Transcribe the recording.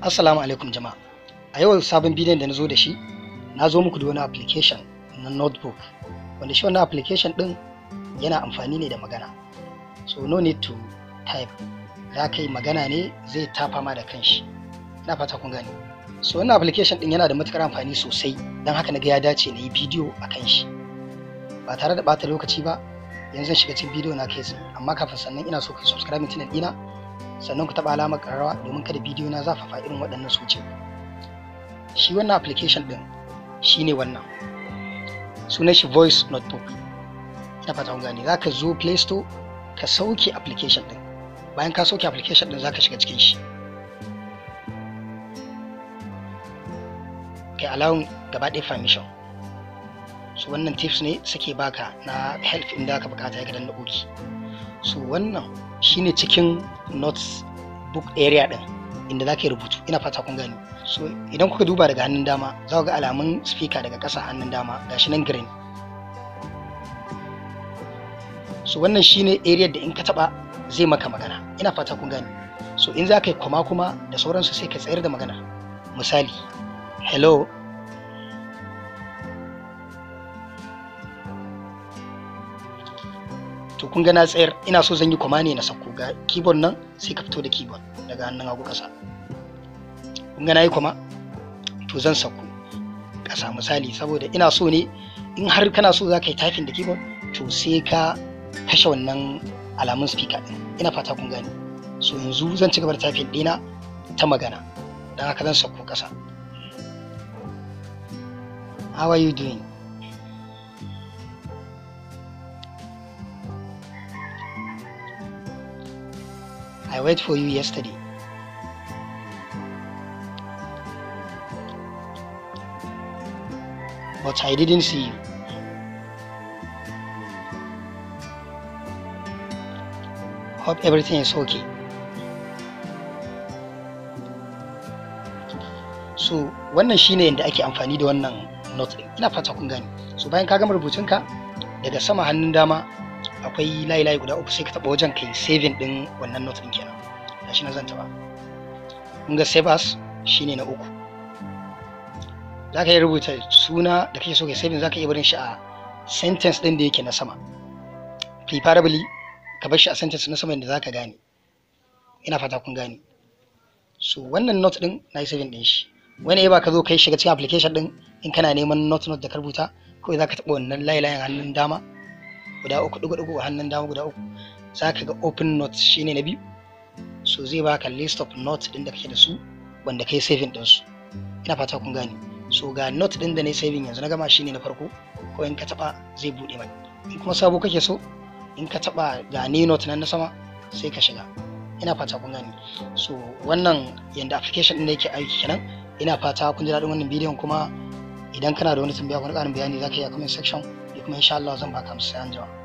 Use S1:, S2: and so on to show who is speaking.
S1: Assalamu alaikum jama'a. A yau sabon bidiyon da na zo da shi, na zo muku da wani application na notebook. Wanda shi wannan application ɗin yana amfani ne da magana. So no need to type. Za ka yi magana ne zai tafa ma da kanshi. Ina fata kun gane. So wannan application ɗin yana da matukar amfani sosai, don haka na ga ya dace na yi bidiyo a kan shi. ba tare da bata lokaci ba yanzu zan shiga cikin bidiyo na kai tsaye amma kafin sannan ina so ku subscribe channel dina sannan ku taba alamar kararrawa domin kada bidiyo na zafafa irin waɗannan su shi wannan application din shine wannan sunan shi voice notebook ina fata kun gane zaka zo play store ka sauke application din bayan ka sauke application din zaka shiga cikin shi kai allowing gaba ɗaya permission Su wannan tips ne suke baka na help inda ka bukata ya gadan na'uki Su wannan shine cikin notes book area din inda za ka rubutu ina fata kun gani so idan kuka duba daga hannun dama za ku ga alamun speaker daga ƙasa hannun dama Ga shi nan green so wannan shine area da in ka taba zai maka magana ina fata kun gani so in za ka yi kwama kuma da sauransu sai ka tsayar da magana misali hello to kun ga na tsayar ina so zan yi kwama ne na sako ga keyboard nan sai ka fito da keyboard daga hannun hagu ƙasa kun ga na yi kwama to zan sako ƙasa misali saboda ina so ne in har kana so za ka yi tafin da keyboard to sai ka kashe wannan alamun speaker din ina fata kun gane so yanzu zan ci gaba da typing dina ta magana don haka zan sauko kasa how are you doing I wait for you yesterday. But I didn't see you. Hope everything is okay. So wannan shine yadda ake amfani da wannan note ina fata kun gane. So bayan ka gama rubutunka daga sama hannun dama akwai layi layi guda uku sai ka taba wajen kai saving din wannan note din kenan shi na zan ba kun ga save as ne na uku za ka yi rubuta suna da kake so ka saving za ka iya barin shi a sentence din da yake na sama preferably ka bar shi a sentence na sama yadda za ka gane ina fata kun gane so wannan note din na yi saving din shi wani ba ka zo kai shiga cikin application din in kana neman note note da ka rubuta kawai za ka taɓa wannan layi layin hannun dama guda uku ɗigo-ɗigo a hannun dama guda uku za ka ga open notes ne na biyu so zai baka list of notes ɗin da kake da su wanda kai saving su, ina fata kun gane so ga note ɗin da na saving yanzu na gama shi ne na farko ko in ka taɓa zai buɗe mai in kuma sabo kake so in ka taɓa ga ne note nan na sama sai ka shiga ina fata kun gane so wannan yanda application ɗin da yake aiki kenan ina fata kun ji daɗin wannan bidiyon kuma idan kana da wani tambaya ko ƙarin bayani za ka yi a comment section एक महिषा लाजम का था हमसे अंजाम